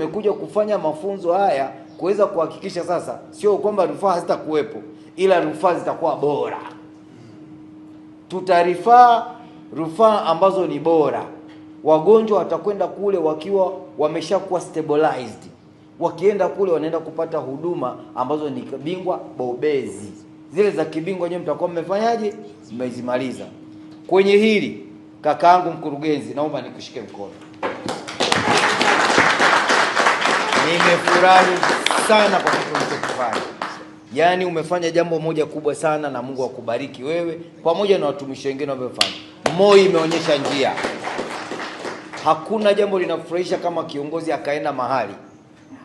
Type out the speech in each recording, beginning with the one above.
tumekuja kufanya mafunzo haya kuweza kuhakikisha sasa, sio kwamba rufaa hazitakuwepo, ila rufaa zitakuwa bora. Tutarifaa rufaa ambazo ni bora. Wagonjwa watakwenda kule wakiwa wameshakuwa stabilized, wakienda kule wanaenda kupata huduma ambazo ni bingwa bobezi. Zile za kibingwa nyewe mtakuwa mmefanyaje? Mmezimaliza. Kwenye hili kakaangu mkurugenzi, naomba nikushike mkono. nimefurahi sana kwa kitu ulichokifanya. Yaani umefanya jambo moja kubwa sana, na Mungu akubariki wewe pamoja na watumishi wengine wamefanya. MOI imeonyesha njia. Hakuna jambo linafurahisha kama kiongozi akaenda mahali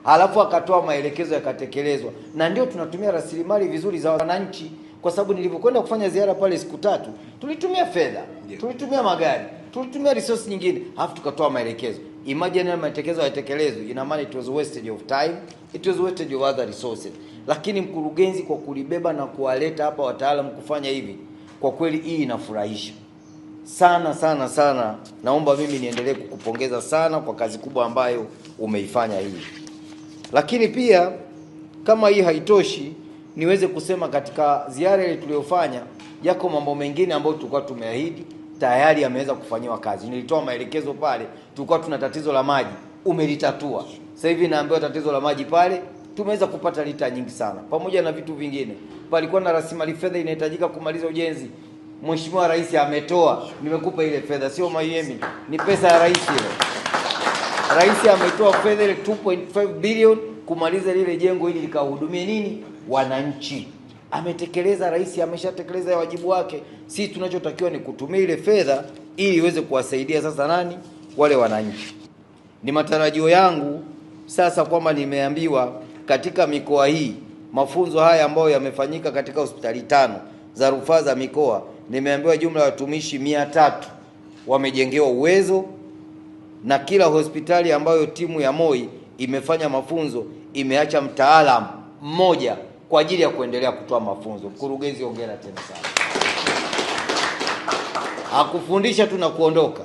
halafu akatoa maelekezo yakatekelezwa, na ndio tunatumia rasilimali vizuri za wananchi, kwa sababu nilivyokwenda kufanya ziara pale siku tatu, tulitumia fedha, tulitumia magari tulitumia resource nyingine, alafu tukatoa maelekezo. Imagine ya maelekezo yatekelezwe ina maana it was wastage of time, it was wastage of other resources. Lakini mkurugenzi kwa kulibeba na kuwaleta hapa wataalamu kufanya hivi, kwa kweli hii inafurahisha sana sana sana. Naomba mimi niendelee kukupongeza sana kwa kazi kubwa ambayo umeifanya hii, lakini pia kama hii haitoshi, niweze kusema katika ziara ile tuliyofanya, yako mambo mengine ambayo tulikuwa tumeahidi tayari ameweza kufanyiwa kazi. Nilitoa maelekezo pale, tulikuwa tuna tatizo la maji, umelitatua. Sasa hivi naambiwa tatizo la maji pale tumeweza kupata lita nyingi sana, pamoja na vitu vingine. Palikuwa na rasilimali fedha inahitajika kumaliza ujenzi, Mheshimiwa Rais ametoa, nimekupa ile fedha, sio Mayemi, ni pesa ya rais ile. Rais ametoa fedha ile 2.5 bilioni kumaliza lile jengo ili likahudumie nini wananchi ametekeleza rais, ameshatekeleza wajibu wake. Sisi tunachotakiwa ni kutumia ile fedha ili iweze kuwasaidia sasa nani, wale wananchi. Ni matarajio yangu sasa kwamba nimeambiwa katika mikoa hii mafunzo haya ambayo yamefanyika katika hospitali tano za rufaa za mikoa, nimeambiwa jumla ya watumishi mia tatu wamejengewa uwezo na kila hospitali ambayo timu ya MOI imefanya mafunzo imeacha mtaalamu mmoja kwa ajili ya kuendelea kutoa mafunzo. Mkurugenzi, hongera tena sana. Hakufundisha tu na kuondoka,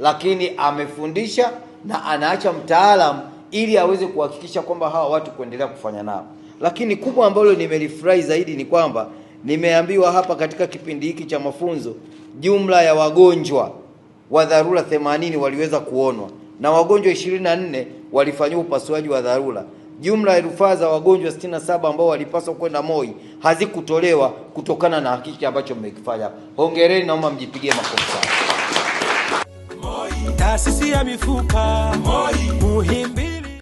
lakini amefundisha na anaacha mtaalamu ili aweze kuhakikisha kwamba hawa watu kuendelea kufanya nao. Lakini kubwa ambalo nimelifurahi zaidi ni kwamba nimeambiwa hapa katika kipindi hiki cha mafunzo, jumla ya wagonjwa wa dharura 80 waliweza kuonwa na wagonjwa 24 walifanyiwa upasuaji wa dharura. Jumla ya rufaa za wagonjwa 67 ambao walipaswa kwenda MOI hazikutolewa kutokana na hakiki ambacho mmekifanya. Hongereni, naomba mjipigie makofi sana. Taasisi ya mifupa MOI Muhimbili.